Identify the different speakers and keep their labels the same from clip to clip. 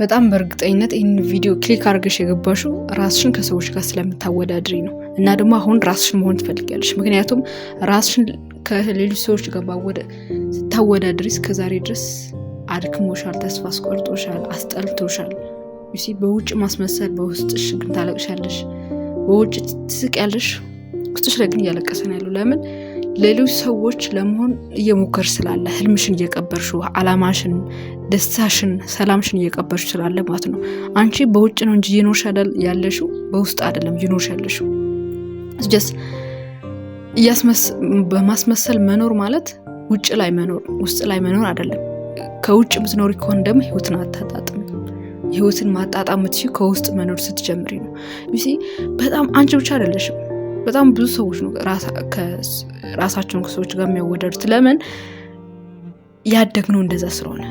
Speaker 1: በጣም በእርግጠኝነት ይህን ቪዲዮ ክሊክ አድርገሽ የገባሽው ራስሽን ከሰዎች ጋር ስለምታወዳድሪ ነው እና ደግሞ አሁን ራስሽን መሆን ትፈልጊያለሽ። ምክንያቱም ራስሽን ከሌሎች ሰዎች ጋር ስታወዳድሪ እስከዛሬ ድረስ አድክሞሻል፣ ተስፋ አስቆርጦሻል፣ አስጠልቶሻል። ዩሲ በውጭ ማስመሰል፣ በውስጥሽ ግን ታለቅሻለሽ። በውጭ ትስቅ ያለሽ ውስጥሽ ላይ ግን እያለቀሰ ነው ያለው ለምን ሌሎች ሰዎች ለመሆን እየሞከር ስላለ ህልምሽን እየቀበርሽ አላማሽን፣ ደስታሽን፣ ሰላምሽን እየቀበርሽ ስላለ ማለት ነው። አንቺ በውጭ ነው እንጂ እየኖርሽ ያለሽው በውስጥ አይደለም እየኖርሽ ያለሽው። በማስመሰል መኖር ማለት ውጭ ላይ መኖር ውስጥ ላይ መኖር አይደለም። ከውጭ ምትኖር ከሆን ደግሞ ህይወትን አታጣጥም። ህይወትን ማጣጣም ከውስጥ መኖር ስትጀምሪ ነው። በጣም አንቺ ብቻ አይደለሽም በጣም ብዙ ሰዎች ነው ራሳቸውን ከሰዎች ጋር የሚያወዳዱት። ለምን ያደግነው እንደዛ ስለሆነ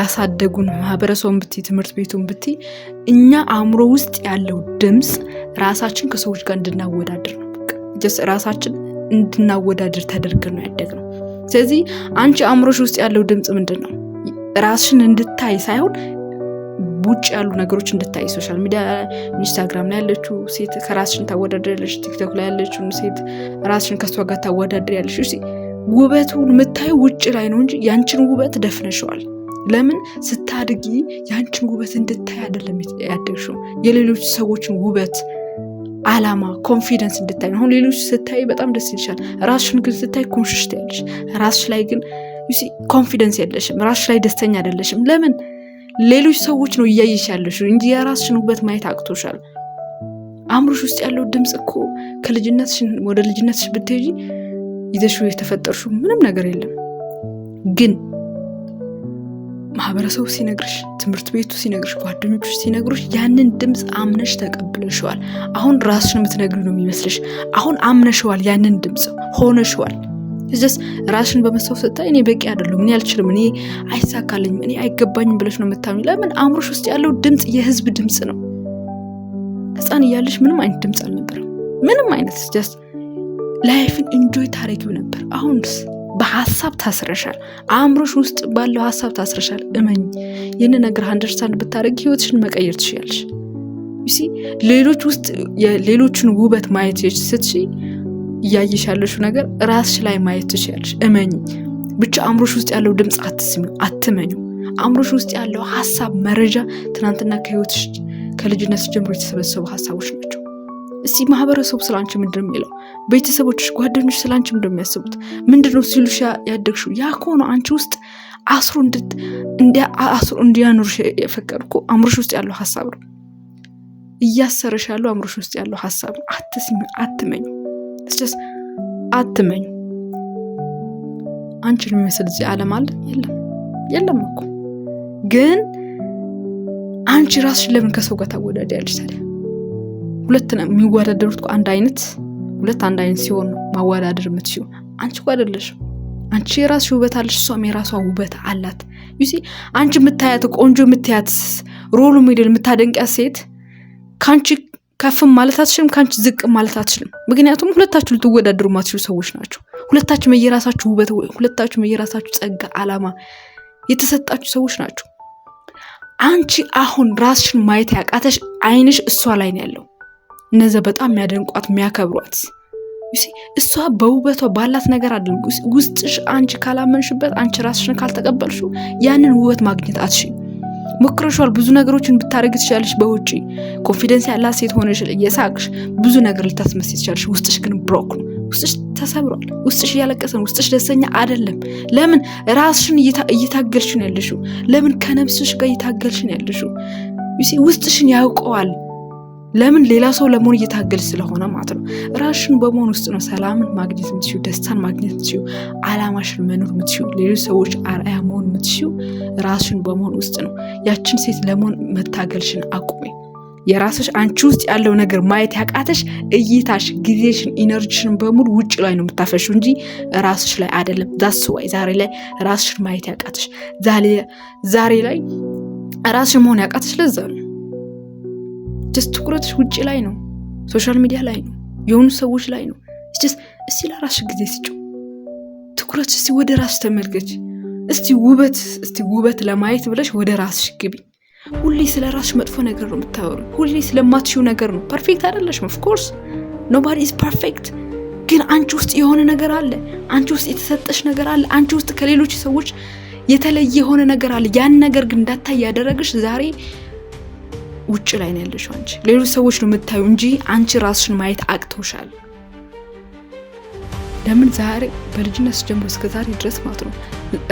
Speaker 1: ያሳደጉን ማህበረሰቡን ብቲ ትምህርት ቤቱን ብቲ እኛ አእምሮ ውስጥ ያለው ድምፅ ራሳችን ከሰዎች ጋር እንድናወዳድር ነው። ራሳችን እንድናወዳድር ተደርገን ነው ያደግነው። ስለዚህ አንቺ አእምሮሽ ውስጥ ያለው ድምፅ ምንድን ነው? ራስሽን እንድታይ ሳይሆን ውጭ ያሉ ነገሮች እንድታይ ሶሻል ሚዲያ ኢንስታግራም ላይ ያለችው ሴት ከራስሽን ታወዳደሪያለሽ፣ ቲክቶክ ላይ ያለችው ሴት ራስሽን ከሷ ጋር ታወዳደሪያለሽ። ውበቱን የምታየው ውጭ ላይ ነው እንጂ ያንችን ውበት ደፍነሸዋል። ለምን ስታድጊ ያንችን ውበት እንድታይ አይደለም ያደግሽው፣ የሌሎች ሰዎችን ውበት አላማ ኮንፊደንስ እንድታይ ነው። አሁን ሌሎች ስታይ በጣም ደስ ይልሻል፣ ራስሽን ግን ስታይ ኮንሽሽት ያለሽ ራስሽ ላይ ግን ኮንፊደንስ የለሽም፣ ራስሽ ላይ ደስተኛ አይደለሽም። ለምን ሌሎች ሰዎች ነው እያየሽ ያለሽ እንጂ የራስሽን ውበት ማየት አቅቶሻል። አእምሮሽ ውስጥ ያለው ድምፅ እኮ ከልጅነትሽን ወደ ልጅነትሽ ብትሄጂ ይዘሽው የተፈጠርሽው ምንም ነገር የለም። ግን ማህበረሰቡ ሲነግርሽ፣ ትምህርት ቤቱ ሲነግርሽ፣ ጓደኞቹ ሲነግሩሽ ያንን ድምፅ አምነሽ ተቀብለሽዋል። አሁን ራስሽን የምትነግሪ ነው የሚመስልሽ። አሁን አምነሽዋል፣ ያንን ድምፅ ሆነሸዋል። ጀስ ራስሽን በመስታወት ስታይ እኔ በቂ አይደለሁም፣ እኔ አልችልም፣ እኔ አይሳካልኝም፣ እኔ አይገባኝም ብለሽ ነው የምታምኝ። ለምን አእምሮሽ ውስጥ ያለው ድምፅ የህዝብ ድምፅ ነው። ህፃን እያለሽ ምንም አይነት ድምፅ አልነበረም። ምንም አይነት ስጃስ ላይፍን እንጆይ ታረጊው ነበር። አሁንስ በሀሳብ ታስረሻል። አእምሮሽ ውስጥ ባለው ሀሳብ ታስረሻል። እመኝ ይህን ነገር አንደርስታንድ ብታደረግ ህይወትሽን መቀየር ትችያለሽ። ሌሎች ውስጥ የሌሎችን ውበት ማየት ስትሽ እያየሽ ያለሽው ነገር ራስሽ ላይ ማየት ትችያለሽ። እመኝ ብቻ አእምሮሽ ውስጥ ያለው ድምፅ አትስሚ፣ አትመኙ። አእምሮሽ ውስጥ ያለው ሀሳብ፣ መረጃ ትናንትና ከህይወትሽ ከልጅነት ጀምሮ የተሰበሰቡ ሀሳቦች ናቸው። እስቲ ማህበረሰቡ ስለ አንቺ ምንድን ነው የሚለው? ቤተሰቦችሽ፣ ጓደኞች ስለ አንቺ ምንድን ነው የሚያስቡት? ምንድን ነው ሲሉሽ ያደግሽው? ያ ከሆነ አንቺ ውስጥ አስሮ አስሮ እንዲያኖርሽ የፈቀድ እኮ አእምሮሽ ውስጥ ያለው ሀሳብ ነው። እያሰረሽ ያለው አእምሮሽ ውስጥ ያለው ሀሳብ ነው። አትስሚ፣ አትመኝ። እስደስ አትመኙ። አንቺን የሚመስል እዚህ ዓለም አለ? የለም የለም እኮ ግን አንቺ ራስሽን ለምን ከሰው ጋር ታወዳዳሪያለሽ ታዲያ? ሁለት የሚወዳደሩት አንድ አይነት ሁለት አንድ አይነት ሲሆን ነው ማወዳደር የምትችይው። አንቺ እኮ አይደለሽም። አንቺ የራስሽ ውበት አለሽ፣ እሷም የራሷ ውበት አላት። ዩሲ አንቺ የምታያት ቆንጆ የምታያት ሮሉ ሞዴል የምታደንቂያት ሴት ከአንቺ ከፍም ማለት አትችልም፣ ከአንቺ ዝቅም ማለት አትችልም። ምክንያቱም ሁለታችሁ ልትወዳደሩ ማትችሉ ሰዎች ናቸው። ሁለታችሁ የየራሳችሁ ውበት፣ ሁለታችሁ የየራሳችሁ ጸጋ፣ አላማ የተሰጣችሁ ሰዎች ናቸው። አንቺ አሁን ራስሽን ማየት ያቃተሽ አይንሽ እሷ ላይ ነው ያለው። እነዚ በጣም የሚያደንቋት የሚያከብሯት እሷ በውበቷ ባላት ነገር አይደለም። ውስጥሽ አንቺ ካላመንሽበት፣ አንቺ ራስሽን ካልተቀበልሽው ያንን ውበት ማግኘት አትችይም። ሞክረሻል። ብዙ ነገሮችን ብታደረግ ትችላለሽ። በውጭ ኮንፊደንስ ያላት ሴት ሆነሽ የሳቅሽ ብዙ ነገር ልታስመስ ትችላለሽ። ውስጥሽ ግን ብሮክ ነው። ውስጥሽ ተሰብሯል። ውስጥሽ እያለቀሰ ነው። ውስጥሽ ደስተኛ አይደለም። ለምን ራስሽን እየታገልሽ ነው ያለሽው? ለምን ከነብስሽ ጋር እየታገልሽ ነው ያለሽው? ውስጥሽን ያውቀዋል። ለምን ሌላ ሰው ለመሆን እየታገል ስለሆነ ማለት ነው። ራሽን በመሆን ውስጥ ነው ሰላምን ማግኘት የምትችው፣ ደስታን ማግኘት የምትችው፣ አላማሽን መኖር የምትችው፣ ሌሎች ሰዎች አርአያ መሆን የምትችው ራሱን በመሆን ውስጥ ነው። ያችን ሴት ለመሆን መታገልሽን አቁሜ የራስሽ አንቺ ውስጥ ያለው ነገር ማየት ያቃተሽ እይታሽ፣ ጊዜሽን፣ ኢነርጂሽን በሙሉ ውጭ ላይ ነው የምታፈሹ እንጂ ራስሽ ላይ አይደለም። ዛስዋይ ዛሬ ላይ ራስሽን ማየት ያቃተሽ ዛሬ ላይ ራስሽን መሆን ያቃተሽ ለዛ ነው። ጀስት ትኩረትሽ ውጭ ላይ ነው፣ ሶሻል ሚዲያ ላይ ነው፣ የሆኑ ሰዎች ላይ ነው። ስ እስቲ ለራስሽ ጊዜ ስጪው። ትኩረት እስቲ ወደ ራስሽ ተመልከች። እስቲ ውበት እስቲ ውበት ለማየት ብለሽ ወደ ራስሽ ግቢ። ሁሌ ስለ ራስሽ መጥፎ ነገር ነው የምታወሩ፣ ሁሌ ስለማትሽው ነገር ነው። ፐርፌክት አይደለሽም። ኦፍኮርስ ኖባዲ ኢዝ ፐርፌክት። ግን አንቺ ውስጥ የሆነ ነገር አለ፣ አንቺ ውስጥ የተሰጠሽ ነገር አለ፣ አንቺ ውስጥ ከሌሎች ሰዎች የተለየ የሆነ ነገር አለ። ያን ነገር ግን እንዳታይ ያደረግሽ ዛሬ ውጭ ላይ ነው ያለሽው አንቺ። ሌሎች ሰዎች ነው የምታዩ እንጂ አንቺ ራስሽን ማየት አቅቶሻል። ለምን ዛሬ በልጅነት ጀምሮ እስከ ዛሬ ድረስ ማለት ነው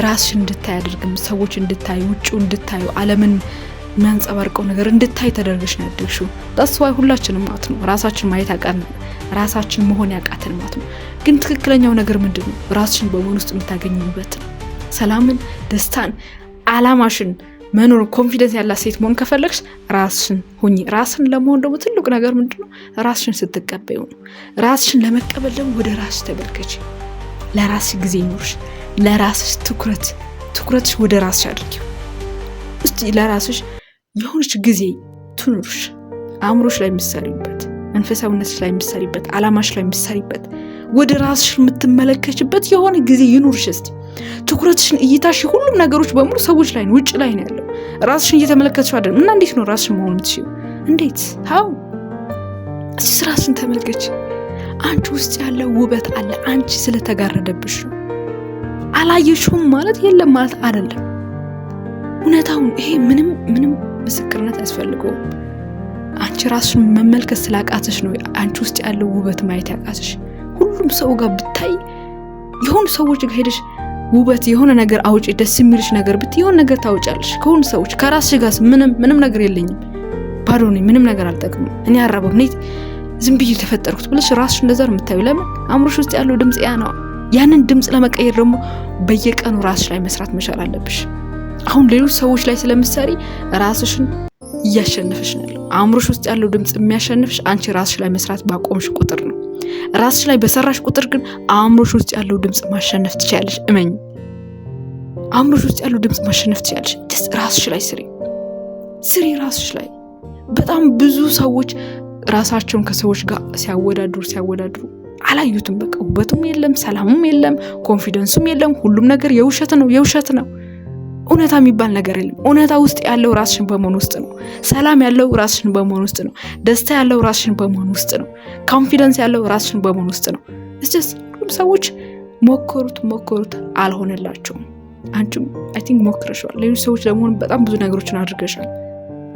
Speaker 1: ራስሽን እንድታይ አድርግም ሰዎች እንድታይ ውጭ እንድታዩ ዓለምን የሚያንጸባርቀው ነገር እንድታይ ተደርገሽ ነው ያደግሽው። ዳስዋይ ሁላችንም ማለት ነው ራሳችን ማየት አቃን ራሳችን መሆን ያቃተን ማለት ነው። ግን ትክክለኛው ነገር ምንድን ነው? ራስሽን በመሆን ውስጥ የምታገኙበት ነው ሰላምን፣ ደስታን፣ አላማሽን መኖር ኮንፊደንስ ያላት ሴት መሆን ከፈለግሽ ራስሽን ሁኚ። ራስን ለመሆን ደግሞ ትልቁ ነገር ምንድነው? ራስሽን ስትቀበዩ ነው። ራስሽን ለመቀበል ደግሞ ወደ ራስሽ ተመልከች። ለራስሽ ጊዜ ይኖርሽ፣ ለራስሽ ትኩረት ትኩረትሽ ወደ ራስሽ አድርጊው። እስቲ ለራስሽ የሆነች ጊዜ ትኑርሽ። አእምሮሽ ላይ የምትሰሪበት፣ መንፈሳዊነትሽ ላይ የምትሰሪበት፣ አላማሽ ላይ የምትሰሪበት ወደ ራስሽ የምትመለከችበት የሆነ ጊዜ ይኑርሽ እስቲ። ትኩረትሽን፣ እይታሽ፣ ሁሉም ነገሮች በሙሉ ሰዎች ላይ ነው፣ ውጭ ላይ ነው ያለው። ራስሽን እየተመለከትሽ አይደለም እና እንዴት ነው ራስሽን መሆን የምትችይው? እንዴት ሀው እስቲ ራስሽን ተመልከች። አንቺ ውስጥ ያለ ውበት አለ። አንቺ ስለተጋረደብሽ ነው። አላየሽውም ማለት የለም ማለት አይደለም። እውነታውን ይሄ ምንም ምንም ምስክርነት ያስፈልገውም። አንቺ ራስሽን መመልከት ስላቃተሽ ነው አንቺ ውስጥ ያለው ውበት ማየት ያቃተሽ። ሁሉም ሰው ጋር ብታይ የሆኑ ሰዎች ጋር ሄደሽ ውበት የሆነ ነገር አውጪ ደስ የሚልሽ ነገር ብት የሆነ ነገር ታውጫለሽ። ከሆኑ ሰዎች ከራስሽ ጋርስ ምንም ምንም ነገር የለኝም፣ ባዶ ነኝ፣ ምንም ነገር አልጠቅምም፣ እኔ አረበው ነ ዝም ብዬ ተፈጠርኩት ብለሽ ራስሽ እንደዛ ነው የምታዩ። ለምን አእምሮሽ ውስጥ ያለው ድምፅ ያ ነው። ያንን ድምፅ ለመቀየር ደግሞ በየቀኑ ራስሽ ላይ መስራት መቻል አለብሽ። አሁን ሌሎች ሰዎች ላይ ስለምሳሌ ራስሽን እያሸነፈሽ ነው ያለው። አእምሮሽ ውስጥ ያለው ድምፅ የሚያሸንፍሽ አንቺ ራስሽ ላይ መስራት ባቆምሽ ቁጥር ነው። ራስሽ ላይ በሰራሽ ቁጥር ግን አእምሮሽ ውስጥ ያለው ድምፅ ማሸነፍ ትችያለሽ። እመኝ፣ አእምሮሽ ውስጥ ያለው ድምፅ ማሸነፍ ትችያለሽ። ራስሽ ላይ ስሪ፣ ስሪ ራስሽ ላይ። በጣም ብዙ ሰዎች ራሳቸውን ከሰዎች ጋር ሲያወዳድሩ ሲያወዳድሩ አላዩትም። በቃ ውበቱም የለም፣ ሰላሙም የለም፣ ኮንፊደንሱም የለም። ሁሉም ነገር የውሸት ነው የውሸት ነው። እውነታ የሚባል ነገር የለም። እውነታ ውስጥ ያለው ራስሽን በመሆን ውስጥ ነው። ሰላም ያለው ራስሽን በመሆን ውስጥ ነው። ደስታ ያለው ራስሽን በመሆን ውስጥ ነው። ኮንፊደንስ ያለው ራስሽን በመሆን ውስጥ ነው። እስስ ሁሉም ሰዎች ሞከሩት ሞከሩት አልሆነላቸውም። አንቺም አይ ቲንክ ሞክረሻል። ሌሎች ሰዎች ለመሆን በጣም ብዙ ነገሮችን አድርገሻል።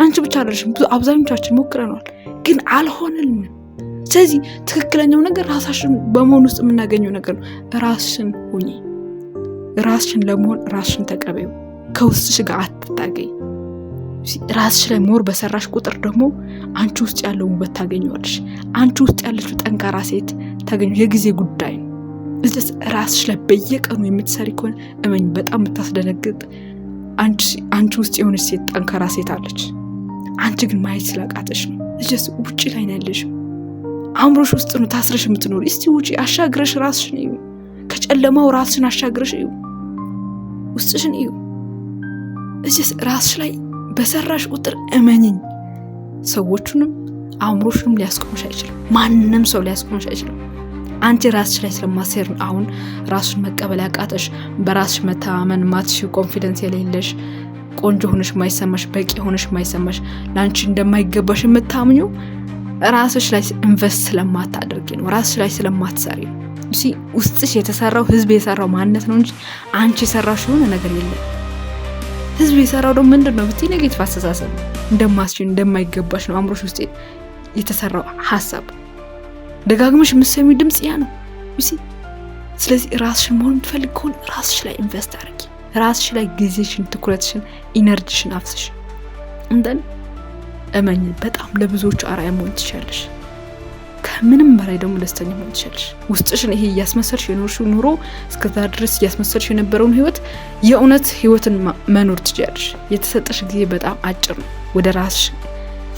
Speaker 1: አንቺ ብቻ አይደለሽም፣ ብዙ አብዛኞቻችን ሞክረነዋል፣ ግን አልሆነልንም። ስለዚህ ትክክለኛው ነገር ራሳሽን በመሆን ውስጥ የምናገኘው ነገር ነው። ራስሽን ሁኚ። ራስሽን ለመሆን ራስሽን ተቀበዩ። ከውስጥሽ ጋር አትታገኝ። ራስሽ ላይ ሞር በሰራሽ ቁጥር ደግሞ አንቺ ውስጥ ያለው ውበት ታገኘዋለሽ። አንቺ ውስጥ ያለችው ጠንካራ ሴት ታገኙ። የጊዜ ጉዳይ ነው። እዚስ ራስሽ ላይ በየቀኑ የምትሰሪ ከሆነ እመኝ፣ በጣም የምታስደነግጥ አንቺ ውስጥ የሆነች ሴት ጠንካራ ሴት አለች። አንቺ ግን ማየት ስላቃተሽ ነው። እጀስ ውጭ ላይ ነው ያለሽው። አእምሮሽ ውስጥ ነው ታስረሽ የምትኖር። እስቲ ውጪ አሻግረሽ ራስሽን እዩ። ከጨለማው ራስሽን አሻግረሽ እዩ። ውስጥሽን እዩ። እዚህ ራስሽ ላይ በሰራሽ ቁጥር እመኝኝ፣ ሰዎቹንም አእምሮሽንም ሊያስቆምሽ አይችልም። ማንም ሰው ሊያስቆምሽ አይችልም። አንቺ ራስሽ ላይ ስለማትሰሪ አሁን ራሱን መቀበል ያቃተሽ፣ በራስሽ መተማመን ማትሽ፣ ኮንፊደንስ የሌለሽ፣ ቆንጆ ሆነሽ ማይሰማሽ፣ በቂ ሆነሽ ማይሰማሽ፣ ለአንቺ እንደማይገባሽ የምታምኙ ራስሽ ላይ ኢንቨስት ስለማታደርጊ ነው። ራስሽ ላይ ስለማትሰሪ ነው። ውስጥሽ የተሰራው ህዝብ የሰራው ማንነት ነው እንጂ አንቺ የሰራሽ የሆነ ነገር የለም። ህዝብ የሰራው ደግሞ ምንድን ነው ብትይ ኔጌቲቭ አስተሳሰብ ነው። እንደማስችል እንደማይገባሽ ነው አእምሮሽ ውስጥ የተሰራው ሀሳብ። ደጋግመሽ የምትሰሚው ድምፅ ያ ነው። ስለዚህ ራስሽን መሆን የምትፈልግ ከሆነ ራስሽ ላይ ኢንቨስት አድርጊ። ራስሽ ላይ ጊዜሽን፣ ትኩረትሽን፣ ኢነርጂሽን አፍስሽ። እንደን እመኝ በጣም ለብዙዎች አርአያ መሆን ትችያለሽ። ከምንም በላይ ደግሞ ደስተኛ መሆን ትችላለሽ። ውስጥሽን ይሄ እያስመሰልሽ የኖርሽው ኑሮ እስከዛ ድረስ እያስመሰልሽ የነበረውን ህይወት የእውነት ህይወትን መኖር ትችላለሽ። የተሰጠሽ ጊዜ በጣም አጭር ነው። ወደ ራስሽ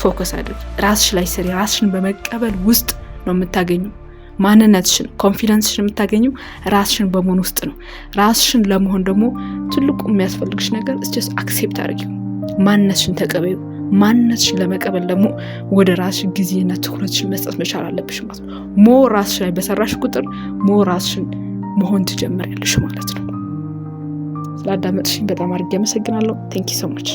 Speaker 1: ፎከስ አድርግ። ራስሽ ላይ ስሪ። ራስሽን በመቀበል ውስጥ ነው የምታገኙ ማንነትሽን፣ ኮንፊደንስሽን የምታገኙ ራስሽን በመሆን ውስጥ ነው። ራስሽን ለመሆን ደግሞ ትልቁ የሚያስፈልግሽ ነገር እስስ አክሴፕት አድርጊው። ማንነትሽን ተቀበዩ። ማንነትሽን ለመቀበል ደግሞ ወደ ራስሽ ጊዜና ትኩረትሽን መስጠት መቻል አለብሽ ማለት ነው። ሞ ራስሽ ላይ በሰራሽ ቁጥር ሞ ራስሽን መሆን ትጀምሪያለሽ ማለት ነው። ስላዳመጥሽኝ በጣም አድርጌ አመሰግናለሁ። ቴንኪ ሶ ማች